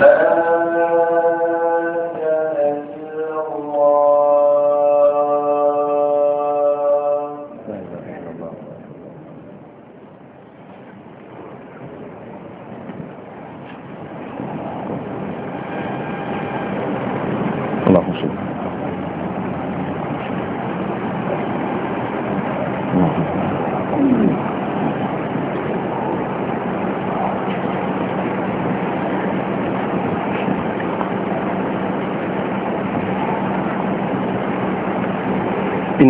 فلا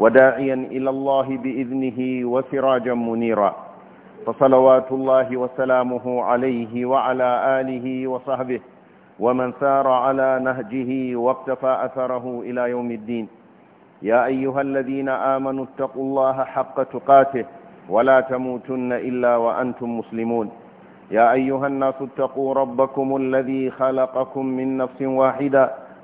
وداعيا إلى الله بإذنه وسراجا منيرا فصلوات الله وسلامه عليه وعلى آله وصحبه ومن سار على نهجه واقتفى أثره إلى يوم الدين يا أيها الذين آمنوا اتقوا الله حق تقاته ولا تموتن إلا وأنتم مسلمون يا أيها الناس اتقوا ربكم الذي خلقكم من نفس واحدة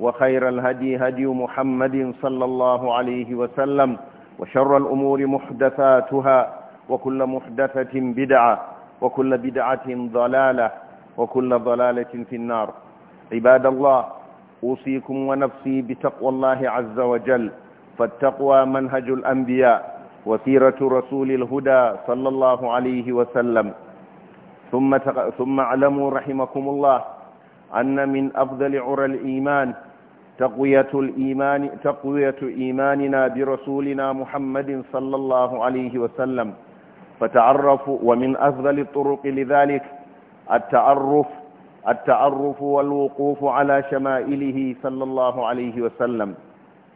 وخير الهدي هدي محمد صلى الله عليه وسلم وشر الأمور محدثاتها وكل محدثة بدعة وكل بدعة ضلالة وكل ضلالة في النار عباد الله أوصيكم ونفسي بتقوى الله عز وجل فالتقوى منهج الأنبياء وسيرة رسول الهدى صلى الله عليه وسلم ثم, ثم اعلموا رحمكم الله أن من أفضل عرى الإيمان تقوية الإيمان تقوية إيماننا برسولنا محمد صلى الله عليه وسلم فتعرف ومن أفضل الطرق لذلك التعرف التعرف والوقوف على شمائله صلى الله عليه وسلم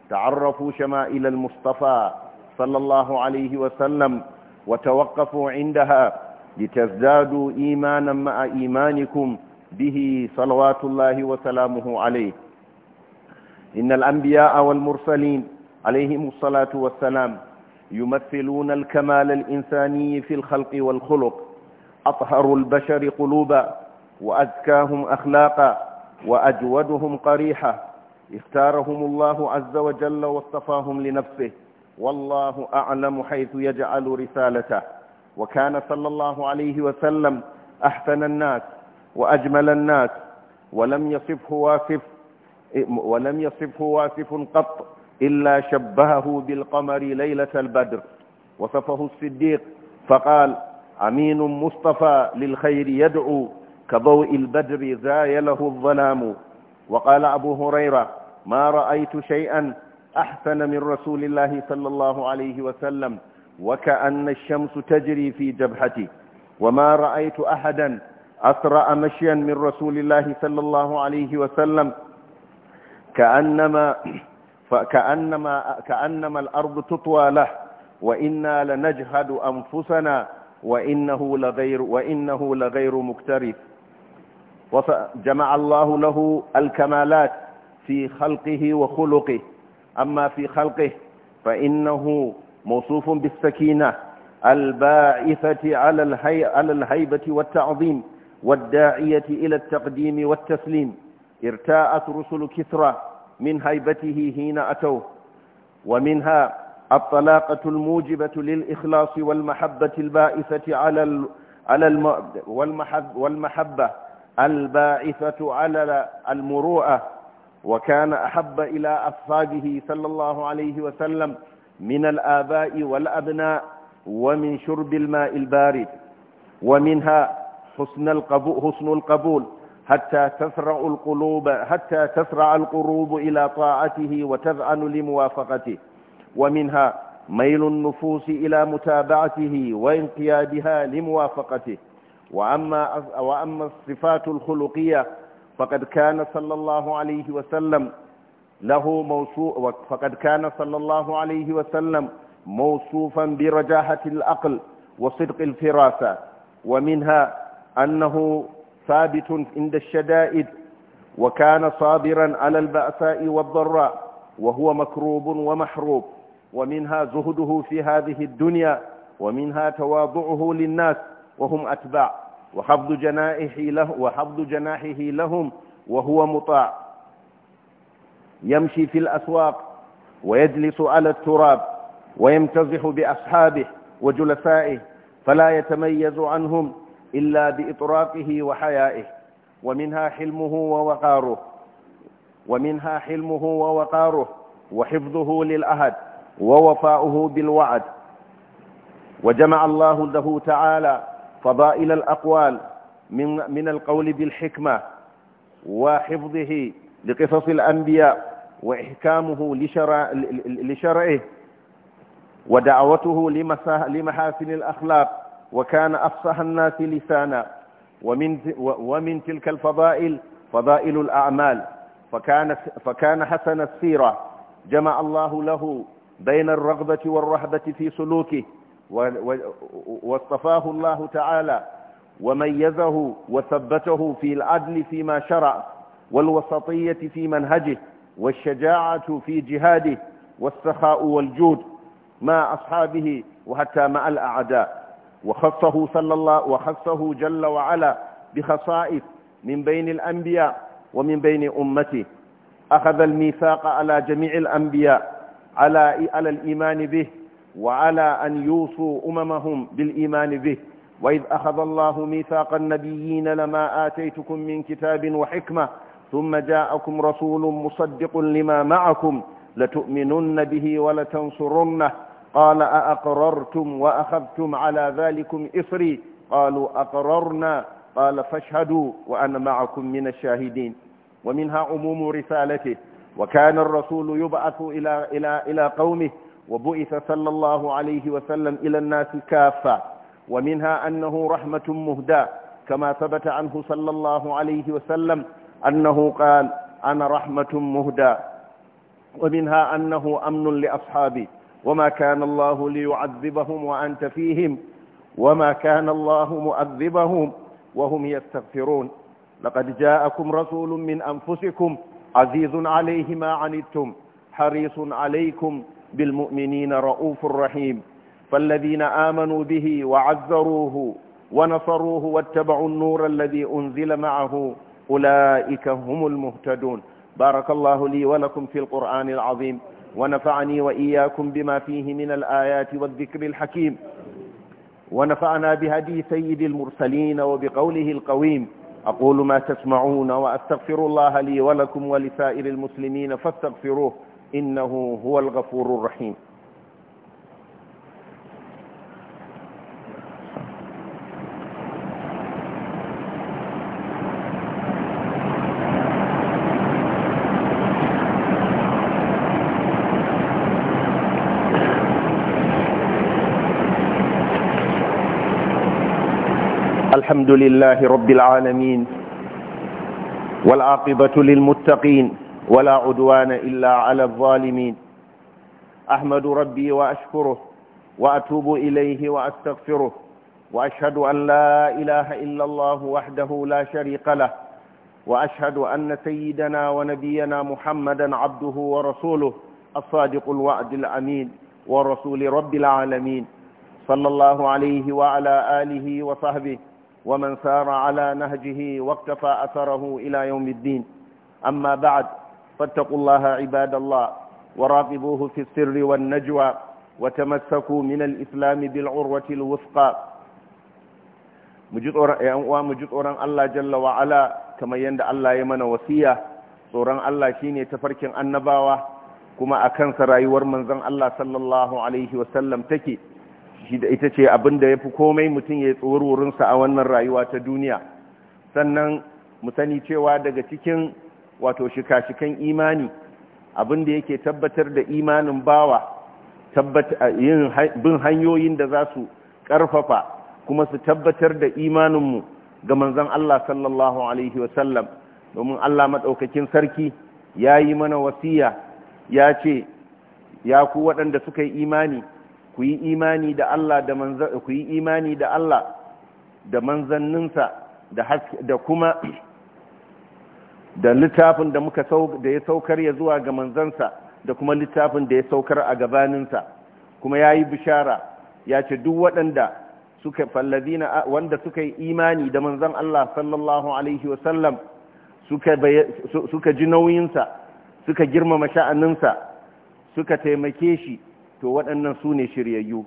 تعرفوا شمائل المصطفى صلى الله عليه وسلم وتوقفوا عندها لتزدادوا إيمانا مع إيمانكم به صلوات الله وسلامه عليه إن الأنبياء والمرسلين عليهم الصلاة والسلام يمثلون الكمال الإنساني في الخلق والخلق أطهر البشر قلوبا وأزكاهم أخلاقا وأجودهم قريحة اختارهم الله عز وجل واصطفاهم لنفسه والله أعلم حيث يجعل رسالته وكان صلى الله عليه وسلم أحسن الناس وأجمل الناس ولم يصفه واسف إيه، ولم يصفه واصف قط إلا شبهه بالقمر ليلة البدر وصفه الصديق فقال أمين مصطفى للخير يدعو كضوء البدر زايله الظلام وقال أبو هريرة ما رأيت شيئا أحسن من رسول الله صلى الله عليه وسلم وكأن الشمس تجري في جبهتي وما رأيت أحدا أسرأ مشيا من رسول الله صلى الله عليه وسلم كأنما, فكأنما كأنما الأرض تطوى له وإنا لنجهد أنفسنا وإنه لغير, وإنه لغير مكترث وجمع الله له الكمالات في خلقه وخلقه أما في خلقه فإنه موصوف بالسكينة الباعثة على, الهي على الهيبة والتعظيم والداعية إلى التقديم والتسليم ارتاءت رسل كثرة من هيبته حين أتوه ومنها الطلاقة الموجبة للإخلاص والمحبة البائثة على على الم... والمحب... والمحبة الباعثة على المروءة وكان أحب إلى أصحابه صلى الله عليه وسلم من الآباء والأبناء ومن شرب الماء البارد ومنها حسن القبول, حسن القبول حتى تسرع القلوب حتى تسرع القلوب إلى طاعته وتذعن لموافقته ومنها ميل النفوس إلى متابعته وانقيادها لموافقته وأما, وأما الصفات الخلقية فقد كان صلى الله عليه وسلم له موصوف فقد كان صلى الله عليه وسلم موصوفا برجاحة الأقل وصدق الفراسة ومنها أنه ثابت عند الشدائد وكان صابرا على البأساء والضراء وهو مكروب ومحروب ومنها زهده في هذه الدنيا ومنها تواضعه للناس وهم أتباع وحفظ جناحه له وحفظ جناحه لهم وهو مطاع يمشي في الأسواق ويجلس على التراب ويمتزح بأصحابه وجلسائه فلا يتميز عنهم إلا بإطرافه وحيائه ومنها حلمه ووقاره ومنها حلمه ووقاره وحفظه للأهد ووفاؤه بالوعد وجمع الله له تعالى فضائل الأقوال من, من القول بالحكمة وحفظه لقصص الأنبياء وإحكامه لشرع لشرعه ودعوته لمحاسن الأخلاق وكان أفصح الناس لسانا ومن, ومن تلك الفضائل فضائل الأعمال فكان, فكان حسن السيرة جمع الله له بين الرغبة والرهبة في سلوكه واصطفاه الله تعالى وميزه وثبته في العدل فيما شرع والوسطية في منهجه والشجاعة في جهاده والسخاء والجود مع أصحابه وحتى مع الأعداء وخصه صلى الله وخصه جل وعلا بخصائص من بين الأنبياء ومن بين أمته أخذ الميثاق على جميع الأنبياء على على الإيمان به وعلى أن يوصوا أممهم بالإيمان به وإذ أخذ الله ميثاق النبيين لما آتيتكم من كتاب وحكمة ثم جاءكم رسول مصدق لما معكم لتؤمنن به ولتنصرنه قال أأقررتم وأخذتم على ذلكم إصري قالوا أقررنا قال فاشهدوا وأنا معكم من الشاهدين ومنها عموم رسالته وكان الرسول يبعث إلى, إلى, إلى قومه وبعث صلى الله عليه وسلم إلى الناس كافة ومنها أنه رحمة مهدى كما ثبت عنه صلى الله عليه وسلم أنه قال أنا رحمة مهدى ومنها أنه أمن لأصحابي وما كان الله ليعذبهم وأنت فيهم وما كان الله مؤذبهم وهم يستغفرون لقد جاءكم رسول من أنفسكم عزيز عليه ما عنتم حريص عليكم بالمؤمنين رؤوف رحيم فالذين آمنوا به وعذروه ونصروه واتبعوا النور الذي أنزل معه أولئك هم المهتدون بارك الله لي ولكم في القرآن العظيم ونفعني وإياكم بما فيه من الآيات والذكر الحكيم ونفعنا بهدي سيد المرسلين وبقوله القويم أقول ما تسمعون وأستغفر الله لي ولكم ولسائر المسلمين فاستغفروه إنه هو الغفور الرحيم الحمد لله رب العالمين والعاقبة للمتقين ولا عدوان إلا على الظالمين أحمد ربي وأشكره وأتوب إليه وأستغفره وأشهد أن لا إله إلا الله وحده لا شريك له وأشهد أن سيدنا ونبينا محمدا عبده ورسوله الصادق الوعد الأمين ورسول رب العالمين صلى الله عليه وعلى آله وصحبه ومن سار على نهجه واقتفى أثره إلى يوم الدين أما بعد فاتقوا الله عباد الله وراقبوه في السر والنجوى وتمسكوا من الإسلام بالعروة الوثقى مجد أوران الله جل وعلا كما يند الله يمن وسيا tsoron Allah shine tafarkin annabawa kuma akan sa rayuwar الله صلى الله عليه وسلم تكي ita ce abin da ya fi komai mutum ya tsorurinsa a wannan rayuwa ta duniya sannan mu sani cewa daga cikin wato shika-shikan imani abin da yake tabbatar da imanin bawa bin hanyoyin da za su ƙarfafa kuma su tabbatar da imaninmu ga manzan Allah sallallahu Alaihi wasallam domin Allah maɗaukakin sarki ya yi mana wasiya ya ce ya ku waɗanda suka yi imani ku yi imani da Allah da manzan ku yi imani da Allah da manzanninsa da da kuma da littafin da muka da ya saukar ya zuwa ga manzansa da kuma littafin da ya saukar a gabaninsa kuma yayi bishara ya ce duk waɗanda suka fallazina wanda suka yi imani da manzan Allah sallallahu alaihi wasallam suka suka ji nauyinsa suka girmama sha'aninsa suka taimake shi to waɗannan su ne shiryayyu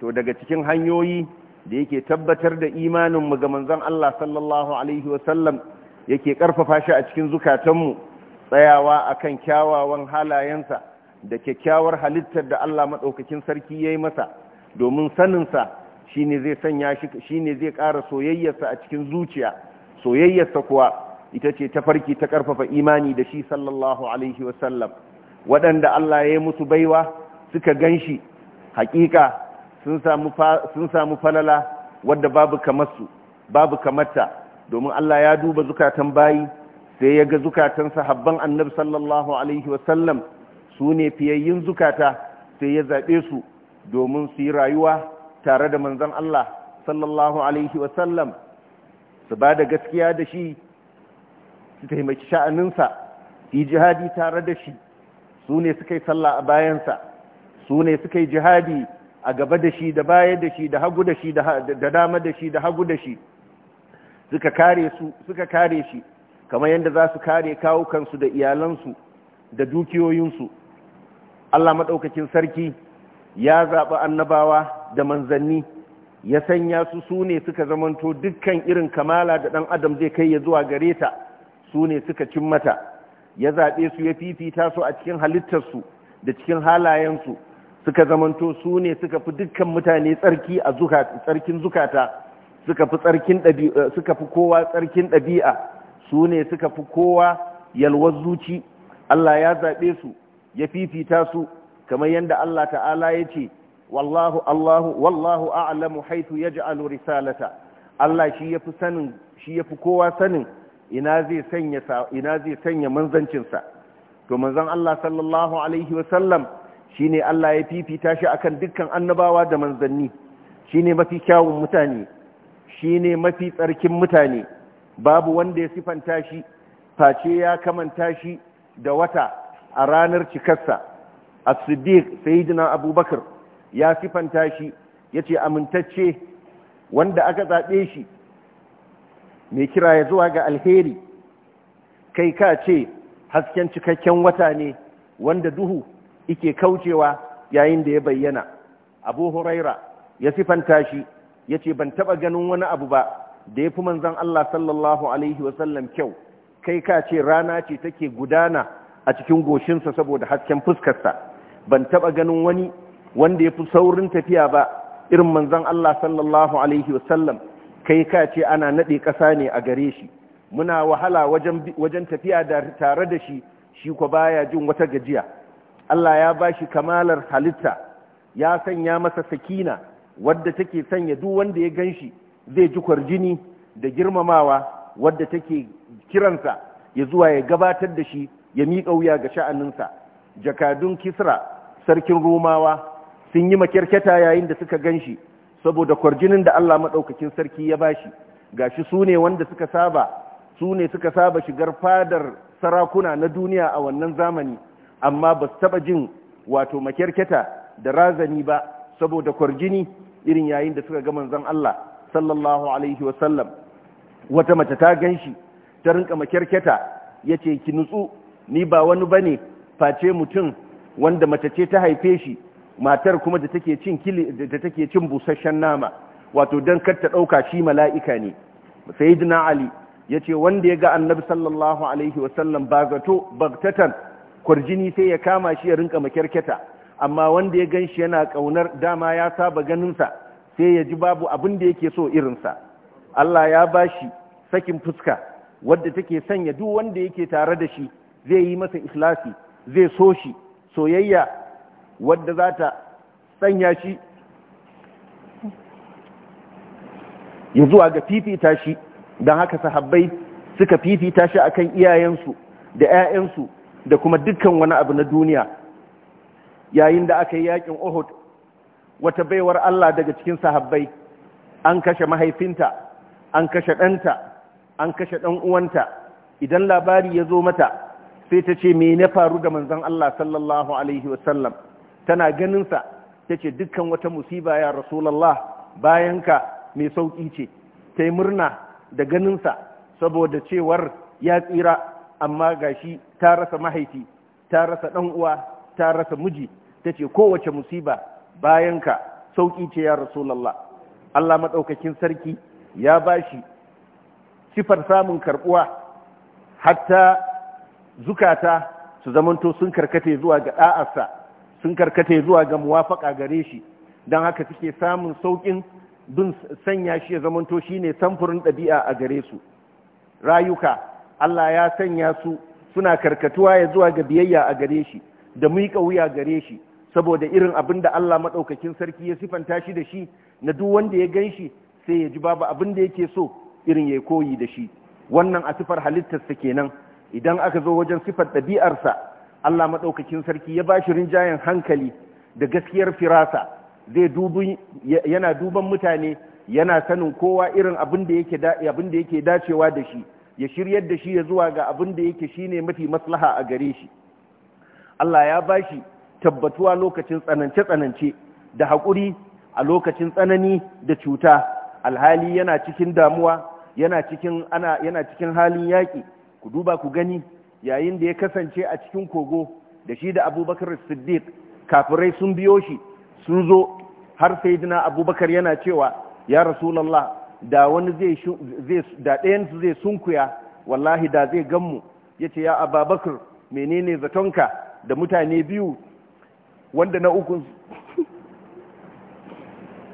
to daga cikin hanyoyi da yake tabbatar da imaninmu ga manzon Allah sallallahu alaihi wasallam yake ƙarfafa shi a cikin zukatanmu tsayawa akan kyawawan halayensa da kyakkyawar halittar da Allah madaukakin sarki yayi masa domin saninsa shi ne zai sanya shi shine zai ƙara soyayyarsa a cikin zuciya soyayyarsa kuwa ita ce ta farki ta ƙarfafa imani da shi sallallahu alaihi wasallam waɗanda Allah ya yi musu baiwa suka gan shi haƙiƙa sun samu falala wadda babu babu kamarta domin Allah ya duba zukatan bayi sai ya ga zukatan sahabban annabi sallallahu alaihi wasallam su ne fiyayyin zukata sai ya zaɓe su domin su yi rayuwa tare da manzan Allah sallallahu alaihi wasallam su ba da gaskiya da shi su taimaki sha'aninsa yi jihadi tare da shi su ne suka yi sallah a bayansa su ne suka yi jihadi a gaba da shi da baya da shi da hagu da shi da dama da shi da hagu da shi suka kare shi kamar yadda za su kare kawukansu da iyalansu da dukiyoyinsu Allah maɗaukakin sarki ya zaɓi annabawa da manzanni ya sanya su su ne suka zamanto dukkan irin kamala da ɗan adam zai kai ya zuwa gare ta su ne suka cin ya zaɓe su ya fifita su a cikin halittarsu da cikin halayensu suka zamanto su ne suka fi dukkan mutane tsarki a tsarkin zukata suka fi tsarkin eh, suka fi kowa tsarkin ɗabi'a su ne suka fi kowa yalwar zuci Allah ya zaɓe su ya fifita su kamar yadda Allah ta'ala ya ce wallahu Allahu wallahu a'lamu haythu yaj'alu risalata Allah shi yafi sanin shi yafi kowa sanin ina zai sanya ina zai sanya manzancin sa to manzon Allah sallallahu alaihi wa sallam shine Allah ya fifita shi kan dukkan annabawa da manzanni shine mafi kyawun mutane shine mafi tsarkin mutane babu wanda ya sifanta shi face ya kamanta shi da wata a ranar cikarsa Asibir siddiq sayyidina abubakar ya sifanta shi ce amintacce wanda aka zaɓe shi mai kira ya zuwa ga alheri kai ka ce hasken cikakken wata ne wanda duhu ike kaucewa yayin da ya bayyana abu huraira ya sifanta shi ya ce ban taɓa ganin wani abu ba da ya fi manzan Allah sallallahu Alaihi wasallam kyau kai ka ce rana ce take gudana a cikin goshinsa saboda hasken fuskarsa ban taɓa ganin wani wanda ya fi saurin tafiya ba irin manzan Allah sallallahu Alaihi wasallam kai ka ce ana naɗe ƙasa ne a gare shi muna wahala wajen tafiya tare da shi shi kwa baya jin wata gajiya Allah ya ba shi kamalar halitta ya sanya masa sakina wadda take sanya duk wanda ya gan shi zai ji kwarjini da girmamawa wadda take kiransa ya zuwa ya gabatar da shi ya miƙa wuya ga sha'aninsa jakadun kisra sarkin romawa sun yi makyarkyata yayin da suka gan shi saboda kwarjinin da Allah maɗaukakin sarki ya bashi shi su ne wanda suka saba su ne suka saba shigar fadar sarakuna na duniya a wannan zamani amma ba su taba jin wato makyarketa da razani ba saboda kwarjini irin yayin da suka ga zan Allah sallallahu alaihi wasallam wata mace ta gan shi ta rinka makyarketa ce ki nutsu ni ba wani bane face mutum wanda mace ce ta haife shi matar kuma da take cin kili da take cin busasshen nama wato dan kar ta dauka shi mala'ika ne sayyidina ali yace wanda ya ga annabi sallallahu alaihi wasallam ba zato bagtatan kwarjini sai ya kama shi ya rinka makyarketa amma wanda ya gan shi yana kaunar dama ya saba ganinsa sai ya ji babu abin da yake so irinsa Allah ya ba shi sakin fuska wadda take sanya duk wanda yake tare da shi zai yi masa ikhlasi zai so shi soyayya wadda za ta sanya shi ya zuwa ga fifita shi don haka sahabbai suka fifita shi akan iyayensu da 'ya'yansu da kuma dukkan wani abu na duniya yayin da aka yi yakin Uhud wata baiwar Allah daga cikin sahabbai an kashe mahaifinta an kashe ɗanta an kashe ɗan uwanta idan labari ya zo mata sai ta ce me na faru da manzon Allah sallallahu alaihi wasallam tana ganinsa ta ce dukkan wata musiba ya rasulallah ka mai sauki ce tai murna da ganinsa saboda cewar ya tsira amma ga shi ta rasa mahaifi ta rasa ɗan'uwa uwa ta rasa miji ce kowace musiba bayan ka sauƙi ce ya rasu lalla Allah maɗaukakin sarki ya bashi sifar samun karbuwa hatta zukata su zamanto sun karkate zuwa ga ɗa’arsa sun karkate zuwa ga muwafaƙa gare shi don haka suke samun sauƙin bin sanya shi ya zamanto shi ne samfurin ɗabi'a a gare su rayuka Allah ya sanya su suna karkatuwa ya zuwa ga biyayya a gare shi da miƙa wuya gare shi saboda irin abin da Allah maɗaukakin sarki ya sifanta shi da shi na duk wanda ya gan shi sai ya ji babu abin da yake so irin ya koyi da shi wannan a sifar halittarsa kenan idan aka zo wajen sifar ɗabi'arsa Allah maɗaukakin sarki ya ba shi rinjayen hankali da gaskiyar firasa zai yana duban mutane yana sanin kowa irin abin da yake dacewa da shi ya shiryar da shi ya zuwa ga abin da yake ne mafi maslaha a gare shi Allah ya ba shi tabbatuwa lokacin tsanance-tsanance da haƙuri a lokacin tsanani da cuta alhali yana cikin damuwa yana cikin ana yana cikin halin yaƙi ku duba ku gani yayin da ya kasance a cikin kogo da shi da abubakar siddiq kafirai sun biyo shi sun zo har sai abubakar yana cewa ya rasulallah da wani zai da ɗayansu zai sunkuya wallahi da zai ganmu ya ce ya ababakar menene zatonka da mutane biyu wanda na ukun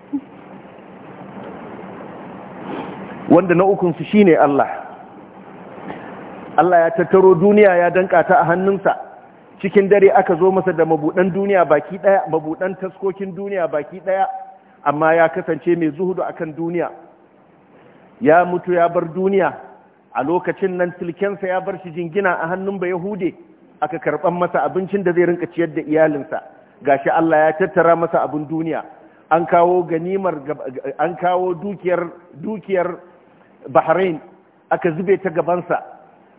wanda na ukunsu shi ne Allah Allah ya tattaro duniya ya danka ta a hannunsa cikin dare aka zo masa da mabudan duniya baki daya mabudan taskokin duniya baki daya amma ya kasance mai zuhudu akan duniya ya mutu ya bar duniya a lokacin nan silkensa ya bar shi jingina a hannun ba yahude aka karban masa abincin da zai rinka ciyar da iyalinsa shi Allah ya tattara masa abin duniya an kawo ganimar an kawo dukiyar dukiyar Bahrain aka zube ta gaban sa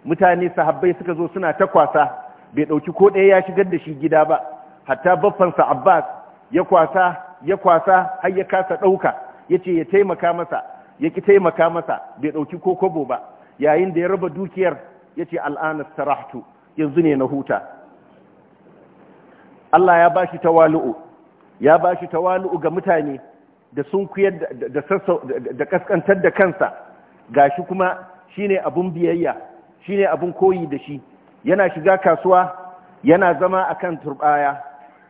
mutane sahabbai suka zo suna ta kwasa bai dauki ko ɗaya ya shigar da shi gida ba hatta baffansa Abbas ya kwasa ya kwasa har ya kasa dauka yace ya taimaka masa ya ki taimaka masa bai ɗauki ko kobo ba yayin da ya raba dukiyar ya ce al'anar sarahtu yanzu ne na huta Allah ya ba shi tawalu'u ya ba shi tawalu'u ga mutane da sun kuyar da kaskantar da kansa gashi kuma shine abun biyayya shine abun koyi da shi yana shiga kasuwa yana zama a kan turbaya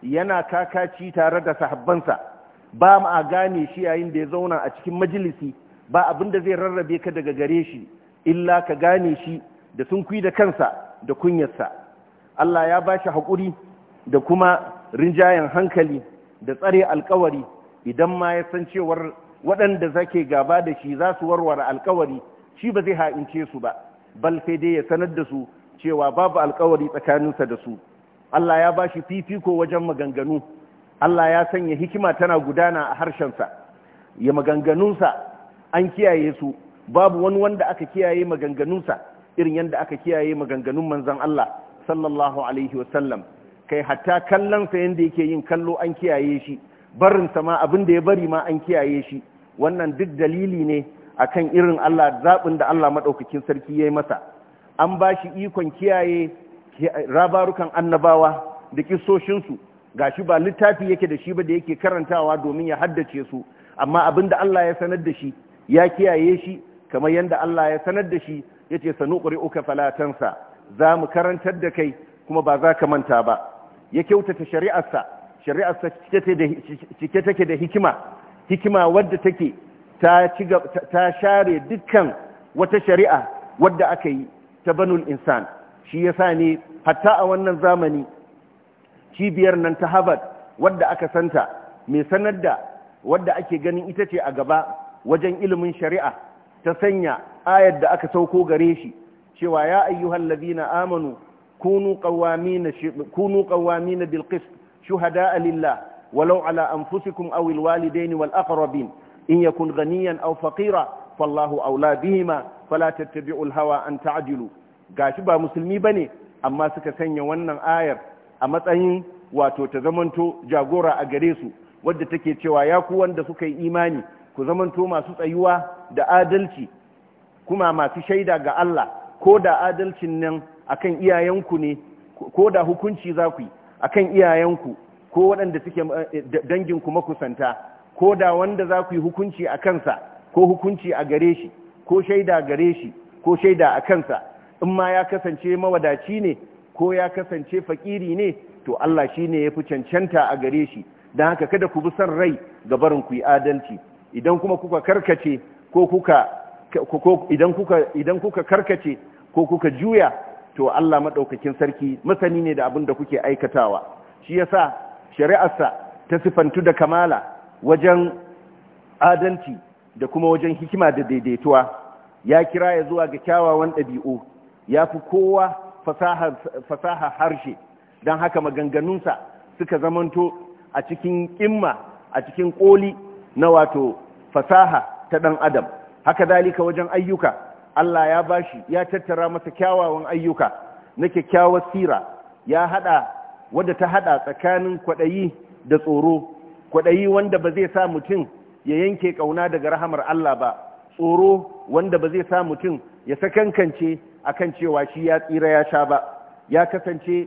yana kakaci tare da sahabbansa ba ma gane shi yayin da ya zauna a cikin majalisi ba abin da zai rarrabe ka daga gare shi illa ka gane shi da sunkui da kansa da kunyarsa Allah ya ba shi haƙuri da kuma rinjayen hankali da tsare alkawari idan ma ya san cewar waɗanda zake gaba da shi za su warware alkawari shi ba zai ha'ince su ba bal sai dai ya sanar da su cewa babu alkawari tsakaninsa da su Allah ya ba shi fifiko wajen maganganu Allah ya sanya hikima tana gudana a harshensa ya maganganunsa an kiyaye su babu wani wanda aka kiyaye maganganunsa irin yadda aka kiyaye maganganun manzan Allah sallallahu alaihi wasallam kai hatta kallonsa yadda yake yin kallo an kiyaye shi barinsa ma abin da ya bari ma an kiyaye shi wannan duk dalili ne akan irin Allah zaɓin da Allah maɗaukakin sarki ya yi masa an ba shi ikon kiyaye rabarukan annabawa da kisoshinsu ga shi ba littafi yake da shi ba da yake karantawa domin ya haddace su amma abin da Allah ya sanar da shi ya kiyaye shi kamar yadda Allah ya sanar da shi ya ce sanu uka falatansa za mu karantar da kai kuma ba za ka manta ba ya kyautata shari'arsa shari'arsa cike take da hikima hikima wadda take ta share dukkan wata shari'a wadda aka yi ta banul insan shi ya sa ne hatta a wannan zamani cibiyar nan ta harvard wadda aka santa mai sanar da wadda ake ganin ita ce a gaba wajen ilimin shari'a ta sanya ayar da aka sauko gare shi cewa ya ayyuhal ladina amanu kunu qawamin kunu qawamina bil qist shuhada lillah walau ala anfusikum aw al walidaini wal aqrabin in yakun ghaniyan aw faqira fallahu awla bihima fala tattabi'u al hawa an ta'dilu gashi ba musulmi bane amma suka sanya wannan ayar a matsayin wato ta zamanto jagora a gare su wadda take cewa ya ku wanda suka yi imani ku zamanto masu tsayuwa da adalci kuma masu shaida ga Allah ko da adalcin nan akan iyayenku ne ko da hukunci za ku yi akan iyayenku ko waɗanda suke eh, danginku makusanta ko da wanda za ku yi hukunci a kansa ko hukunci a gare shi ko shaida gare shi ko shaida a kansa in ma ya kasance mawadaci ne ko ya kasance fakiri ne to Allah shi ne ya fi cancanta a gare shi don haka kada ku bi son rai ga barin ku yi adalci idan kuma kuka karkace ko kuka idan kuka idan kuka karkace ko kuka juya to Allah madaukakin sarki masani ne da abin da kuke aikatawa shi yasa shari'arsa ta sifantu da kamala wajen adalci da kuma wajen hikima da daidaituwa ya kira ya zuwa ga kyawawan ɗabi'u ya fi kowa fasaha harshe don haka maganganunsa suka zamanto a cikin ƙimma a cikin ƙoli na wato fasaha ta ɗan adam haka dalika wajen ayyuka Allah ya bashi ya tattara masa kyawawan ayyuka na kyakkyawar sira ya hada wadda ta hada tsakanin kwaɗayi da tsoro kwaɗayi wanda ba zai sa mutum ya yanke ƙauna daga rahamar Allah ba tsoro wanda ba zai sa mutum ya sakankance kan cewa shi ya tsira ya sha ba ya kasance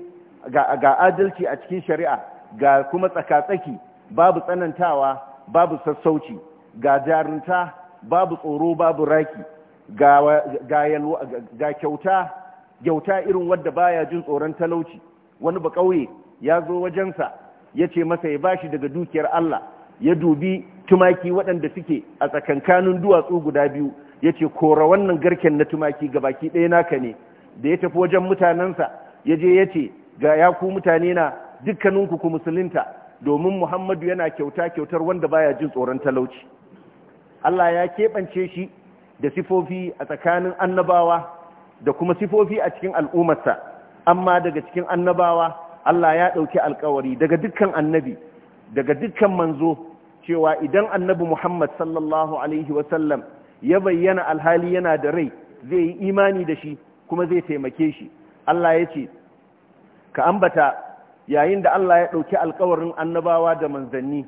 ga adalci a cikin shari'a ga kuma tsakatsaki babu tsanantawa babu sassauci ga jarinta babu tsoro babu raki ga kyauta kyauta irin wadda baya jin tsoron talauci wani ba kauye ya zo wajensa ya ce masa ya bashi daga dukiyar Allah ya dubi tumaki waɗanda suke a tsakankanin duwatsu guda biyu ya ce kora wannan garken na tumaki ga baki ɗaya naka ne da ya tafi wajen mutanensa ya je ya ce ga ya ku mutane na dukkaninku ku musulunta domin muhammadu yana kyauta kyautar wanda baya jin tsoron talauci Allah ya keɓance shi da sifofi a tsakanin annabawa da kuma sifofi a cikin al'ummarsa amma daga cikin annabawa Allah ya ɗauki alkawari daga dukkan annabi daga dukkan manzo cewa idan annabi Muhammad sallallahu alaihi wasallam ya bayyana alhali yana da rai zai yi imani da shi kuma zai taimake shi Allah ya ce ka ambata yayin da Allah ya ɗauki alkawarin annabawa da manzanni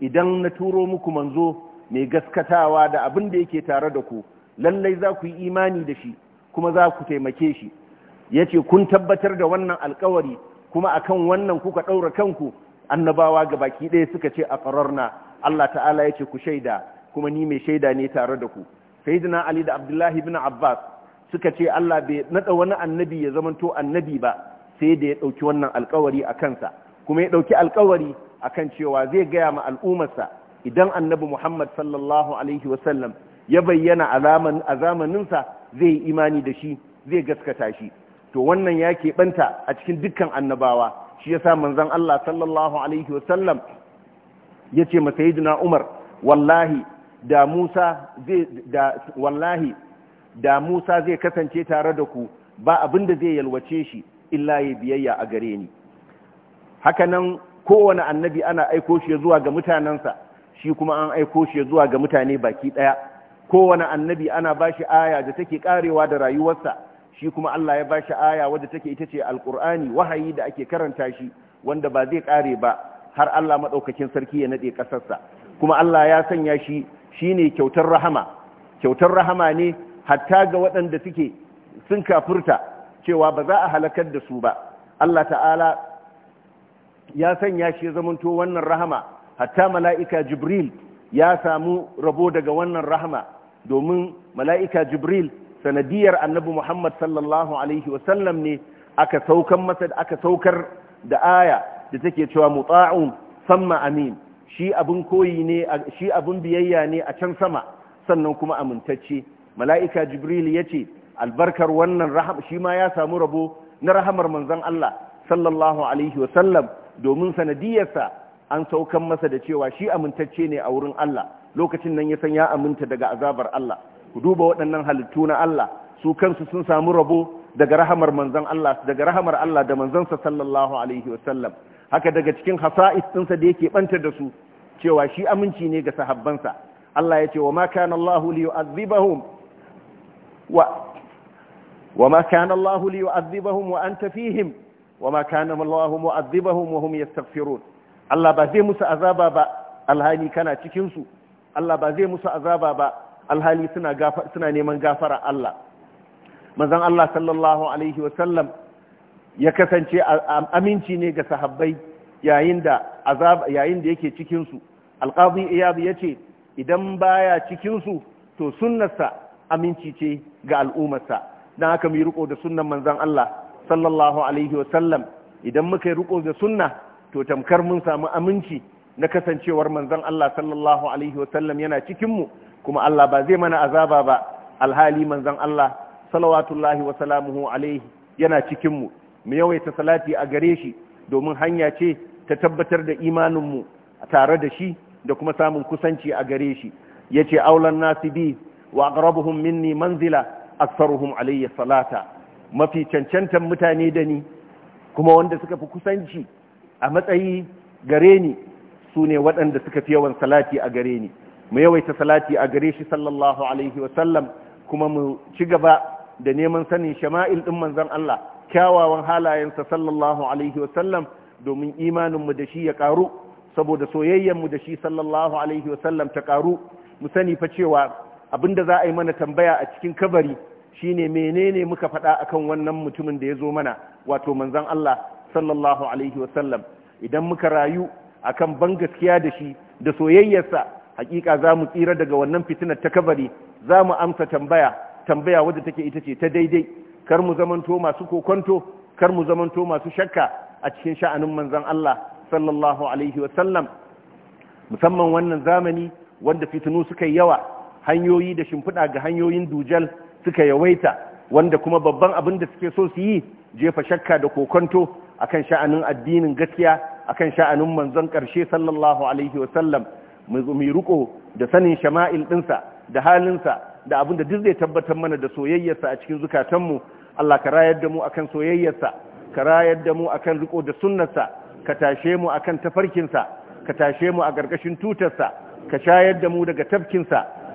idan na turo muku manzo mai gaskatawa da abin da yake tare da ku lallai za ku yi imani da shi kuma za ku taimake shi ya ce kun tabbatar da wannan alkawari kuma akan wannan kuka ɗaura kanku annabawa ga baki ɗaya suka ce a na Allah ta'ala ya ce ku shaida kuma ni mai shaida ne tare da ku saidina Ali da Abdullahi bin Abbas suka ce Allah bai nada wani annabi ya zamanto annabi ba sai da ya ɗauki wannan alkawari a kansa kuma ya ɗauki alkawari akan cewa zai gaya ma al'ummarsa idan annabi Muhammad sallallahu alaihi wasallam ya bayyana a zamaninsa zai imani da shi zai gaskata shi to wannan ya keɓanta a cikin dukkan annabawa shi ya sa manzan Allah sallallahu alaihi wasallam ya ce masayidina Umar wallahi da Musa zai wallahi da Musa zai kasance tare da ku ba abin da zai yalwace shi illa ya biyayya a gare ni hakanan kowane annabi ana aiko shi zuwa ga mutanensa shi kuma an aiko shi zuwa ga mutane baki ɗaya, kowane annabi ana ba shi aya da take karewa da rayuwarsa shi kuma Allah ya ba shi aya wadda take ita ce alqur'ani wahayi da ake karanta shi wanda ba zai kare ba har Allah madaukakin sarki ya naɗe kasarsa kuma Allah ya sanya shi shine kyautar rahama kyautar rahama ne hatta ga waɗanda suke sun kafurta cewa ba za a halakar da su ba Allah ta'ala ya sanya shi zamanto wannan rahama hatta mala'ika jibril ya samu rabo daga wannan rahma domin mala'ika jibril sanadiyar annabi muhammad sallallahu alaihi wasallam ne aka saukar masa aka da aya da take cewa muta'un samma amin shi abin koyi ne shi abin biyayya ne a can sama sannan kuma amintacce mala'ika jibril ya ce albarkar wannan rahama shi ma ya samu rabo na rahamar manzon Allah sallallahu alaihi wasallam domin sanadiyarsa an saukan masa da cewa shi amintacce ne a wurin Allah lokacin nan ya san ya aminta daga azabar Allah ku duba waɗannan halittu na Allah su kansu sun samu rabo daga rahamar manzon Allah daga rahamar Allah da manzon sa sallallahu alaihi wasallam haka daga cikin hasa'is din sa da yake banta da su cewa shi aminci ne ga sahabbansa Allah ya ce wa ma kana Allahu li yu'adhibahum wa wa ma kana Allahu li وما wa anta fihim wa ma kana Allahu الله wa hum yastaghfirun Allah ba zai musu azaba ba alhali kana cikinsu Allah ba zai musu azaba ba alhali suna gafara suna neman gafara Allah manzan Allah sallallahu alaihi wasallam ya kasance aminci ne ga sahabbai yayin da azaba yayin da yake cikinsu su alqazi ya ce idan baya cikinsu to sunnarsa aminci ce ga al'ummarsa don haka mu riko da sunnan manzan Allah sallallahu alaihi wasallam idan muka yi riko da sunna to tamkar mun samu aminci na kasancewar manzon Allah sallallahu alaihi wasallam yana cikin mu kuma Allah ba zai mana azaba ba alhali manzon Allah salawatullahi wa salamuhu alaihi yana cikin mu mu yawaita salati a gare shi domin hanya ce ta tabbatar da imanin mu tare da shi da kuma samun kusanci a gare shi yace aulan nasibi wa aqrabuhum minni manzila aktharuhum alayya salata mafi cancantan mutane da ni kuma wanda suka fi kusanci a matsayi gare ni su ne waɗanda suka fi yawan salati a gare ni mu yawaita salati a gare shi sallallahu alaihi wasallam kuma mu ci gaba da neman sanin shama'il ɗin manzan Allah kyawawan halayensa sallallahu alaihi wasallam domin imaninmu da shi ya ƙaru saboda soyayyenmu da shi sallallahu alaihi wasallam ta ƙaru mu sani fa cewa abinda za a yi mana tambaya a cikin kabari shine menene muka faɗa akan wannan mutumin da ya zo mana wato manzan Allah sallallahu alaihi wasallam idan muka rayu akan ban gaskiya da shi da soyayyarsa hakika za mu tsira daga wannan fitinar ta kabari za mu amsa tambaya tambaya wadda take ita ce ta daidai kar mu zamanto masu kokonto kar mu zamanto masu shakka a cikin sha'anin manzon Allah sallallahu alaihi wasallam musamman wannan zamani wanda fitinu suka yawa hanyoyi da shimfiɗa ga hanyoyin dujal suka yawaita wanda kuma babban abin da suke so su yi jefa shakka da kokonto akan sha'anin addinin gaskiya akan sha'anin manzon karshe sallallahu alaihi wasallam mai riko da sanin shama'il ɗinsa da halinsa da abin da duk zai tabbatar mana da soyayyarsa a cikin zukatanmu Allah ka rayar da mu akan soyayyarsa ka rayar da mu akan riko da sunnarsa ka tashe mu akan tafarkinsa ka tashe mu a gargashin tutarsa ka shayar da mu daga tafkinsa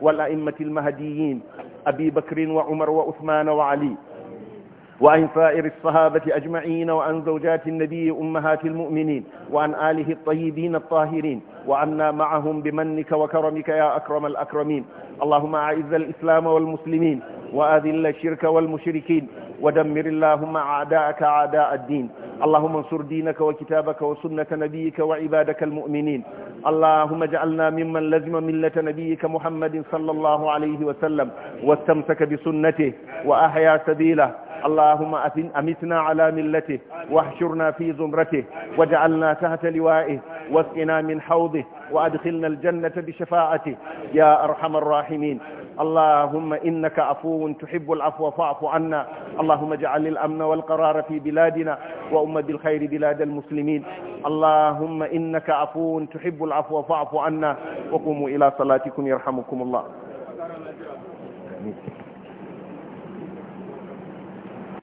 والأئمة المهديين أبي بكر وعمر وعثمان وعلي وعن سائر الصحابة أجمعين وعن زوجات النبي أمهات المؤمنين وعن آله الطيبين الطاهرين وعنا معهم بمنك وكرمك يا أكرم الأكرمين اللهم أعز الإسلام والمسلمين وأذل الشرك والمشركين ودمر اللهم أعداءك أعداء الدين اللهم انصر دينك وكتابك وسنة نبيك وعبادك المؤمنين اللهم اجعلنا ممن لزم ملة نبيك محمد صلى الله عليه وسلم واستمسك بسنته وأحيا سبيله اللهم أمتنا على ملته واحشرنا في زمرته واجعلنا تحت لوائه واسقنا من حوضه وأدخلنا الجنة بشفاعته يا أرحم الراحمين اللهم إنك عفو تحب العفو فاعف عنا اللهم اجعل الأمن والقرار في بلادنا وأمة بالخير بلاد المسلمين اللهم إنك عفو تحب العفو فاعف عنا وقوموا إلى صلاتكم يرحمكم الله